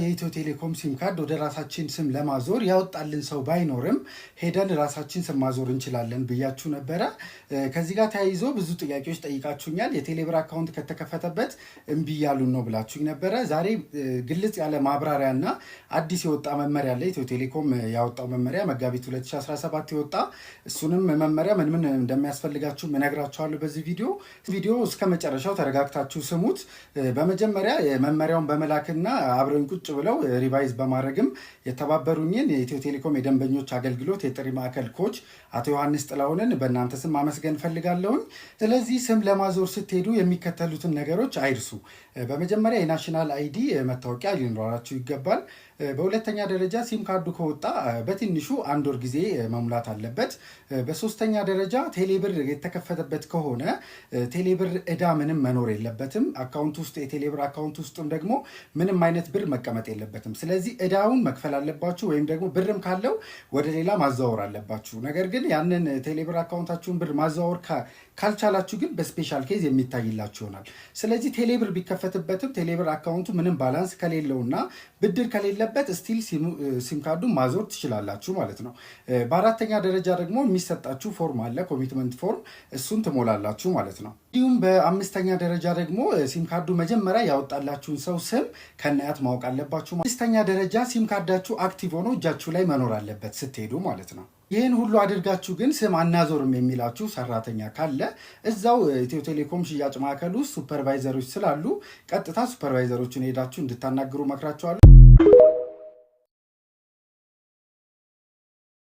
የኢትዮ ቴሌኮም ሲም ካርድ ወደ ራሳችን ስም ለማዞር ያወጣልን ሰው ባይኖርም ሄደን ራሳችን ስም ማዞር እንችላለን ብያችሁ ነበረ። ከዚህ ጋር ተያይዞ ብዙ ጥያቄዎች ጠይቃችሁኛል። የቴሌብር አካውንት ከተከፈተበት እምቢ እያሉን ነው ብላችሁኝ ነበረ። ዛሬ ግልጽ ያለ ማብራሪያና አዲስ የወጣ መመሪያ አለ። ኢትዮ ቴሌኮም ያወጣው መመሪያ መጋቢት 2017 የወጣ እሱንም መመሪያ ምን ምን እንደሚያስፈልጋችሁ እነግራችኋለሁ በዚህ ቪዲዮ። ቪዲዮ እስከ መጨረሻው ተረጋግታችሁ ስሙት። በመጀመሪያ መመሪያውን በመላክና አብረን ቁጭ ብለው ሪቫይዝ በማድረግም የተባበሩኝን የኢትዮ ቴሌኮም የደንበኞች አገልግሎት የጥሪ ማዕከል ኮች አቶ ዮሐንስ ጥላሁንን በእናንተ ስም ማመስገን ፈልጋለሁኝ። ስለዚህ ስም ለማዞር ስትሄዱ የሚከተሉትን ነገሮች አይርሱ። በመጀመሪያ የናሽናል አይዲ መታወቂያ ሊኖራችሁ ይገባል። በሁለተኛ ደረጃ ሲም ካርዱ ከወጣ በትንሹ አንድ ወር ጊዜ መሙላት አለበት። በሶስተኛ ደረጃ ቴሌብር የተከፈተበት ከሆነ ቴሌብር እዳ ምንም መኖር የለበትም። አካውንት ውስጥ የቴሌብር አካውንት ውስጥም ደግሞ ምንም አይነት ብር መቀ መቀመጥ የለበትም። ስለዚህ እዳውን መክፈል አለባችሁ፣ ወይም ደግሞ ብርም ካለው ወደ ሌላ ማዘዋወር አለባችሁ። ነገር ግን ያንን ቴሌብር አካውንታችሁን ብር ማዘዋወር ካልቻላችሁ ግን በስፔሻል ኬዝ የሚታይላችሁ ይሆናል። ስለዚህ ቴሌብር ቢከፈትበትም ቴሌብር አካውንቱ ምንም ባላንስ ከሌለውና ብድር ከሌለበት ስቲል ሲም ካርዱን ማዞር ትችላላችሁ ማለት ነው። በአራተኛ ደረጃ ደግሞ የሚሰጣችሁ ፎርም አለ፣ ኮሚትመንት ፎርም፣ እሱን ትሞላላችሁ ማለት ነው። እንዲሁም በአምስተኛ ደረጃ ደግሞ ሲም ካርዱ መጀመሪያ ያወጣላችሁን ሰው ስም ከናያት ማወቅ አለ አለባችሁ። ስድስተኛ ደረጃ ሲም ካርዳችሁ አክቲቭ ሆኖ እጃችሁ ላይ መኖር አለበት ስትሄዱ ማለት ነው። ይህን ሁሉ አድርጋችሁ ግን ስም አናዞርም የሚላችሁ ሰራተኛ ካለ እዛው ኢትዮ ቴሌኮም ሽያጭ ማዕከል ውስጥ ሱፐርቫይዘሮች ስላሉ ቀጥታ ሱፐርቫይዘሮችን ሄዳችሁ እንድታናግሩ መክራችኋለሁ።